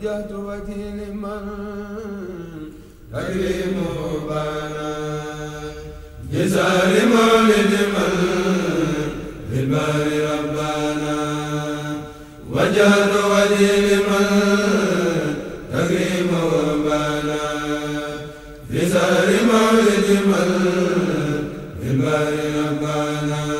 وجهت وجهي لمن كريم بانا جزار مولد من بالبار ربنا وجهت وجهي لمن كريم بانا جزار مولد من بالبار ربنا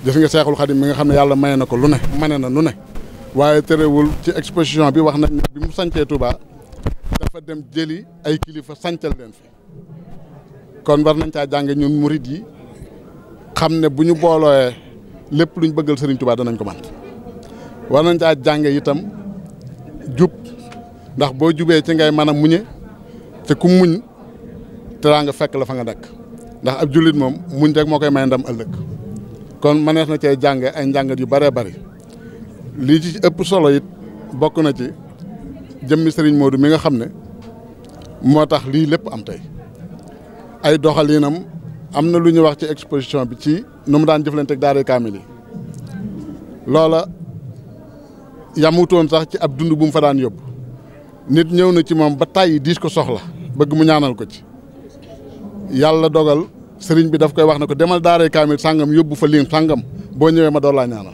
gis nga Seexul Xadim mi nga xam ne yàlla may na ko lu ne mane na lu ne waaye terewul ci exposition bi wax nañ ne bi mu sancee Touba dafa dem jëli ay kilifa sancal leen fi kon war nañ caa jàng ñun murid yi xam ne bu ñu boolooyee lépp luñ bëggal Serigne Touba danañ ko man war nañ caa jàng itam jub ndax boo jubee ci ngay mën a muñe te ku muñ te daa nga fekk la fa nga dakk ndax ab jullit moom muñ rek moo koy may ndam ëllëg kon mënees na cee jànge ay njàngat yu bëree bëri lii ci ëpp solo it bokk na ci jëmmi Serigne Modou mi nga xam ne moo tax lii lépp am tey ay doxalinam am na lu ñuy wax ci exposition bi ci nu mu daan jëflante ak daara kaamil yi loola yamutoon sax ci ab dund bu fa daan yóbbu nit ñëw na ci moom ba tàyyi diis ko soxla bëgg mu ñaanal ko ci yàlla dogal. sëriñ bi daf koy wax na ko demal daaree kaamil sàngam yóbbu fa liin sàngam boo ñëwee ma door laa ñaanal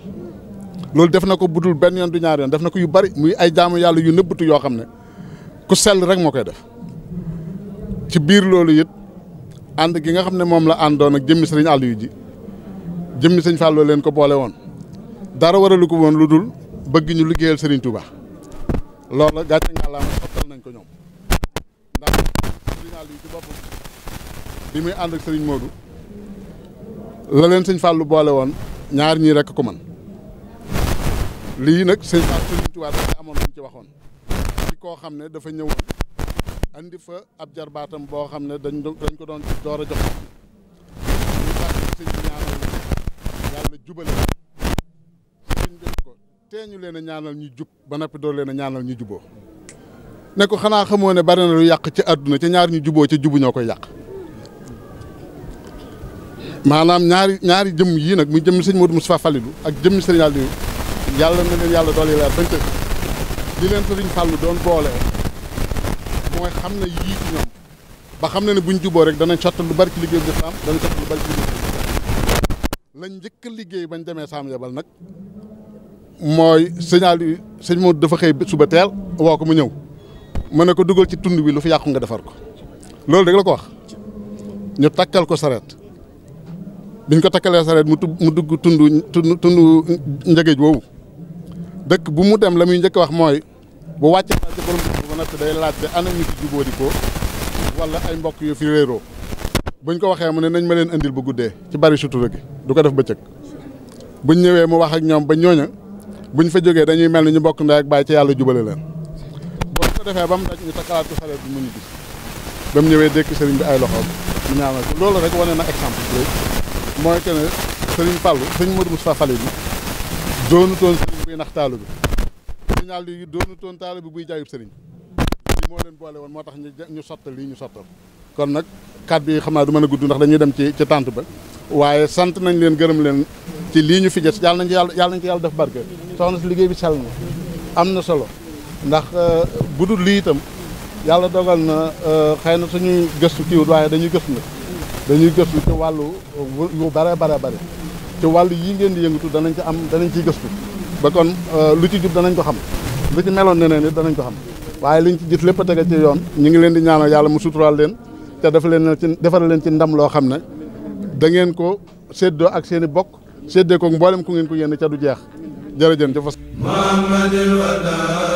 loolu def na ko budul benn yoon du ñaar yoon def na ko yu bari muy ay jaamu yàlla yu nëbbatu yoo xam ne ku sell rek moo koy def ci biir loolu yit ànd gi nga xam ne moom la àndoon ak jëmmi sëriñ àll yu ji jëmmi sëñ Fallou leen ko boole woon dara waralu ko woon lu dul bëgg ñu liggéeyal sëriñ Touba loolu gàcce ngalaama xottal nañ ko ñoom bi muy ànd ak sëriñ Modou laleen leen sëñ Fallou boole woon ñaar ñii rek ko man lii nag sëñ Fallou sëriñ Tuubaa dafa amoon lu ci waxoon ci koo xam ne dafa ñëw andi ab jarbaatam boo xam ne dañ dañ ko doon door a jox sëñ bi ñaanal yàlla jubale teeñu leen a ñaanal ñu jub ba noppi doo leen a ñaanal ñu juboo ne ko xanaa xamoo ne bari na lu yàq ci àdduna ci ñaar ñu juboo ci jubu ñoo koy yàq maanaam ñaari ñaari jëm yii nag muy jëmmi sëñ Modou Moustapha Falilou ak jëmmi sëriñ Aliou yàlla na leen yàlla dool yi leer bañ di leen sëriñ Fallou doon boole mooy xam na yii ci ñoom ba xam na ne buñ juboo rek danañ sottal lu bari ci liggéey bi saam danañ njëkk liggéey bañ demee saam yabal nag mooy sëñ Aliou sëñ Modou dafa xëy suba teel woo ko mu ñëw mën ne ko dugal ci tund bi lu fi yàqu nga defar ko loolu rek la ko wax ñu takkal ko sareet biñ ko takkalee sareet mu mu dugg tund tund tund njëgëj woowu dëkk bu mu dem la muy njëkk wax mooy bu wàcce laa ci borom dëkk ba nag ana ñu ko wala ay mbokk yu fi buñ ko waxee mu ne nañ ma leen andil bu guddee ci bari sutura gi du ko def bëccëg buñ ñëwee mu wax ak ñoom ba ñooña ñu fa jógee dañuy mel ni ñu bokk ndey ak baay ci yàlla jubale leen boo ko defee ba mu daj ñu takkalaat ko sareet bi mu ñu gis ba mu ñëwee dékk sëriñ bi ay loxoom mu ñaanal ko loolu rek wane na exemple mooy que ne sëriñ Fallou sëriñ Modou Moustapha Fallou bi doonu toon sëriñ buy nax taalu bi sëriñ Aliou yi doonu taalu bi buy jaayub sëriñ li moo leen boole woon moo tax ñu sottal lii ñu sottal kon nag kat bi xamaa naa du mën a gudd ndax dañuy dem ci ci tànt ba waaye sant nañ leen gërëm leen ci lii ñu fi jës yàlla nañ ci yàlla yàlla nañ ci yàlla def barke soxna si liggéey bi sell na am na solo ndax euh, bu dul lii itam yàlla dogal na euh, xëy na suñuy gëstu kiiwut waaye dañuy gëstu nag dañuy gëstu ci wàllu euh, yu bare bare bare ci wàllu yii ngeen di yëngatu danañ ci am danañ ciy gëstu ba kon euh, lu ci jub danañ ko xam lu ci meloon neneen nit danañ ko xam waaye liñ ci gis lépp a tege ci yoon ñu ngi leen di ñaanal yàlla mu suturaal leen te def leen ci defal leen ci ndam loo xam ne da ngeen ko séddoo ak seen i bokk séddee ko mboolem ku ngeen ko yéene ca du jeex jërëjëf jëfas Muhammadul Wadaa